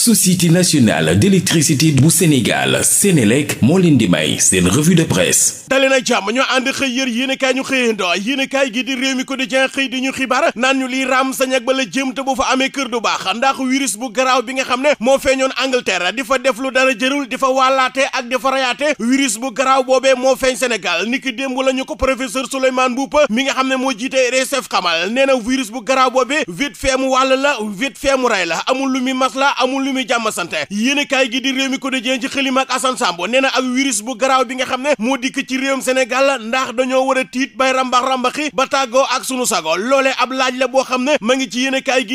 société nationale d'électricité bu Sénégal Sénélec moo leen di may seen revue de presse dali na jàmm ñoo ànd xëy yër yéenekaay ñu xëyandoo yéenekaay gi di réew mi quotidien xëy di ñu xibaar naan ñu liy raam sa ñag ba la jëm te bu fa amee kër du baax ndax virus bu garaaw bi nga xam ne moo feeñoon Angleterre di fa def lu dara jërul di fa wàllaate ak di fa rayaate virus bu garaaw boobee moo feeñ Sénégal niki démb la ñu ko professeur Souleymane Mboup mi nga xam ne moo jiite RCF xamal nee na bu garaaw boobee la vite mu ray la amul lu mi mas la amul Oumy Jàmm sant yéen kaay gi di réew mi quotidien ci xëlima ak Assane Sambo nee na bu garaaw bi nga xam ne moo dikk ci a la boo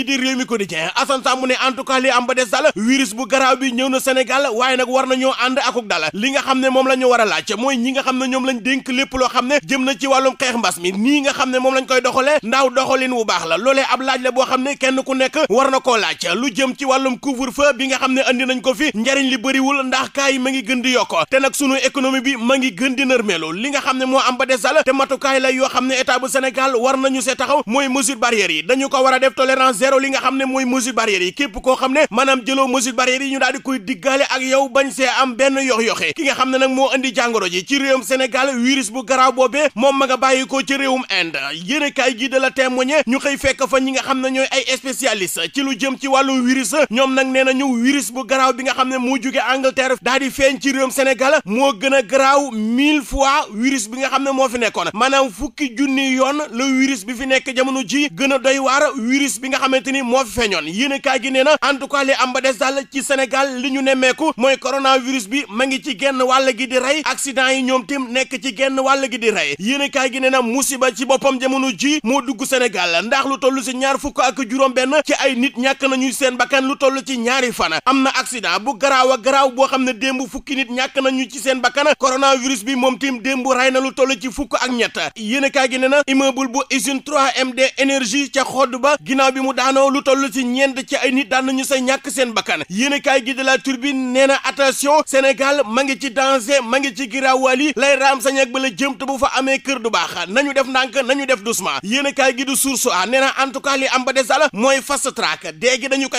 réew mi quotidien Assane Sambo ne en am ba des daal virus bu garaaw bi ñëw na Sénégal waaye nag war nañoo ànd akuk dal li nga xam ne moom la ñu war a mooy ñi nga xam ne ñoom lañ dénk lépp loo xam ne jëm na ci wàllum xeex mbas mi nii nga xam ne moom lañ koy doxalee ndaw doxalin wu baax la loolee ab laaj la boo xam ne lëfa bi nga xam ne andi nañ ko fi njariñ li bariwul ndax kaa ma ngi gën di yokko te nag sunu économie bi ma ngi gën di nërmeelu li nga xam ne moo am ba desal te matukaay la yoo xam ne état bu Sénégal war nañu see taxaw mooy mesure barrières yi dañu ko war a def tolérance zéro li nga xam ne mooy mesure barrières yi képp ko xam ne maanaam jëloo mesure barrières yi ñu daal di koy diggaale ak yow bañ see am benn yox-yoxe ki nga xam ne nag moo indi jàngoro ji ci réewum Sénégal virus bu garaaw boobee moom ma nga bàyyi ko ci réewum Inde yéene kaay gi de la témoigner ñu xëy fekk fa ñi nga xam ne ñooy ay spécialiste ci lu jëm ci wàllu virus ñoom nag nee na ñëw virus bu garaaw bi nga xam ne moo jóge Angleterre daal di feeñ ci réewum Sénégal moo gën a garaaw mille fois virus bi nga xam ne moo fi nekkoon maanaam fukki junni yoon la virus bi fi nekk jamono ji gën a doy waar virus bi nga xamante ni moo fi feeñoon yéen kaay gi nee na en tout cas li am ba des ci Sénégal li ñu nemmeeku mooy coronavirus bi ma ngi ci genn wàll gi di rey accident yi ñoom tim nekk ci genn wàll gi di rey yéen gi ne na musiba ci boppam jamono ji moo dugg Sénégal ndax lu toll si ñaar fukk ak juróom benn ci ay nit ñàkk nañu seen bakkan lu toll ci ñaar ñaari fan am na accident bu garaaw a garaaw boo xam ne démb fukki nit ñàkk nañu ci seen bakkan coronavirus bi moom tim démb rey na lu toll ci fukk ak ñett yéenekaay gi ne na immeuble bu usine 3MD énergie ca xodd ba ginnaaw bi mu daanoo lu toll ci ñeent ci ay nit daan nañu sa ñàkk seen bakkan yéenekaay gi de la turbine nee na attention Sénégal ma ngi ci danger ma ngi ci giraawaal yi lay raam sañ ak ba la jëm te bu fa amee kër du baax nañu def ndànk nañu def doucement yéenekaay gi du source a nee na en tout cas li am ba des dal mooy fast track dégg dañu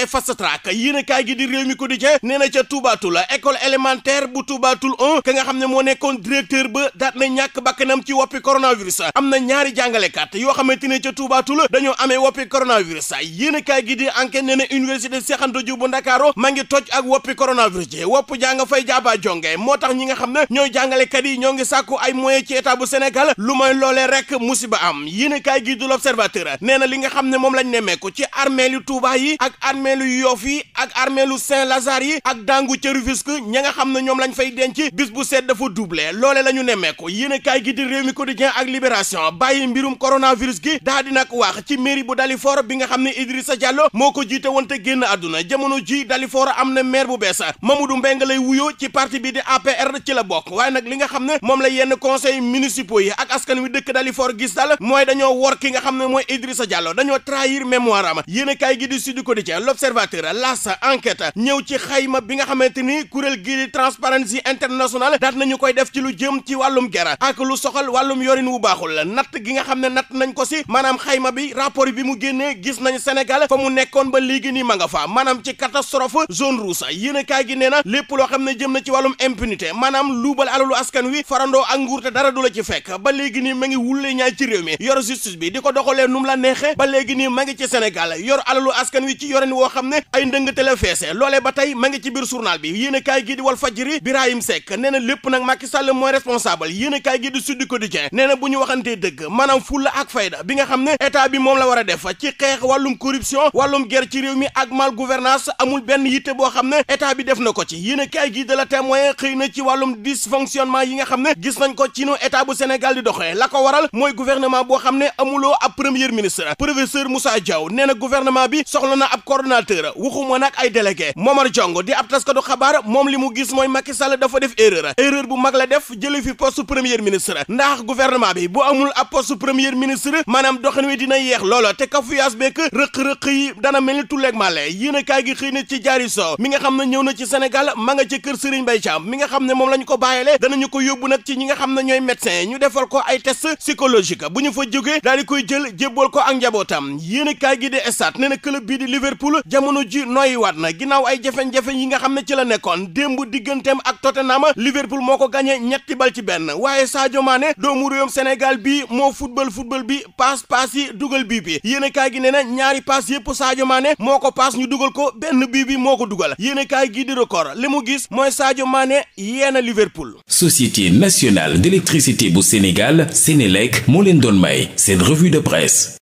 kaay gi di réew mi nee na ca Toubatoul école élémentaire bu Toubatoul 1 ka nga xam ne moo nekkoon directeur ba daat na ñàkk bakkanam ci woppi coronavirus am na ñaari jàngalekat yoo xamante ne ca Toubatoul dañoo amee woppi coronavirus yéen kaay gi di enquête nee na université Cheikh Anta Diop bu Ndakaaru ma ngi toj ak woppi coronavirus ji wopp jàng nga fay jaaba jonge moo tax ñi nga xam ne ñooy jàngalekat yi ñoo ngi sàkku ay moyens ci état bu Sénégal lu may loolee rek musiba am yéen kaay gi du l'observateur nee na li nga xam ne moom lañ nemmeeku ci armée lu Touba yi ak armeelu lu Yoff ak armeelu Saint-Lazare yi ak dangu ca Rufisque ña nga xam ne ñoom lañ fay denc bis bu seet dafa doublé loole la ñu nemmeeku yéen kaay gi di réew mi quotidien ak libération bàyyi mbirum coronavirus gi daa di nag wax ci mairie bu Dalifort bi nga xam ne Idrissa Diallo moo ko jiite woon génn àdduna jamono ji Dalifort am na maire bu bees Mamadou Mbengue lay wuyoo ci parti bi di APR ci la bokk waaye nag li nga xam ne moom la yenn conseil municipaux yi ak askan wi dëkk Dalifort gis daal mooy dañoo wor ki nga xam ne mooy Idrissa Diallo dañoo trahir mémoire am yéen kaay gi di Sud Quotidien l'Observateur L'As enquête ñëw ci xayma bi nga xamante ni kuréel gii di Transparency International daat nañu koy def ci lu jëm ci wàllum gera ak lu soxal wàllum yorin wu baaxul natt gi nga xam ne natt nañ ko si maanaam xayma bi rapport bi mu génnee gis nañ Sénégal fa mu nekkoon ba léegi nii ma nga fa maanaam ci catastrophe zone rouge yéen a kaay gi nee na lépp loo xam ne jëm na ci wàllum impunité maanaam luubal alalu askan wi farandoo ak nguur te dara du la ci fekk ma ngi wulle ñaay ci réew mi yor justice bi di ba léegi nii ma ngi ci Sénégal yor alalu askan wi ci a feese loolee ba tey ma ngi ci biir journal bi yéen a kaay wal fajri Birahim Seck nee lépp nag Macky Sall mooy responsable yéen a kaay gi di Sud Quotidien nee na bu ñu waxantee dëgg maanaam fulla ak fayda bi nga xam ne état bi moom la war a def ci xeex wàllum corruption wàllum ger ci réew mi ak mal gouvernance amul benn yitte boo xam ne état bi def na ko ci yéen a kaay gi de la témoin xëy na ci wàllum dysfonctionnement yi nga xam ne gis nañ ko ci nu état bu Sénégal di doxee la ko waral mooy gouvernement boo xam ne amuloo ab premier ministre professeur Moussa Diaw nee na gouvernement bi soxla na ab coordonnateur waxuma nag ay délégué Momar Jong di ab taskatu xabaar moom li mu gis mooy Macky dafa def erreur erreur bu mag la def jële fi poste premier ministre ndax gouvernement bi bu amul ab poste premier ministre maanaam doxin wi dina yeex loola te kafuyaas beek rëq-rëq yi dana mel ni tulleeg màlle a gi xëy na ci jaari soo mi nga xam ne ñëw na ci Sénégal ma nga ci kër Serigne Mbaye Thiam mi nga xam ne moom la ñu ko bàyyele danañu ko yóbbu nag ci ñi nga xam ne ñooy médecin ñu defal a kaay ñëwaat ginnaaw ay jafe-jafe yi nga xam ne ci la nekkoon démb digganteem ak Tottenham Liverpool moo ko gagné ñetti bal ci benn waaye Sadio Mané doomu réewum Sénégal bi moo football football bi paas paas yi dugal bii bi yéenekaay gi nee na ñaari paas yëpp Sadio Mané moo ko paas ñu dugal ko benn bii bi moo ko dugal kaa gi di record li mu gis mooy Sadio Mané yéena Liverpool. Société nationale d'électricité bu Sénégal Sénélec moo leen doon may seen revue de presse.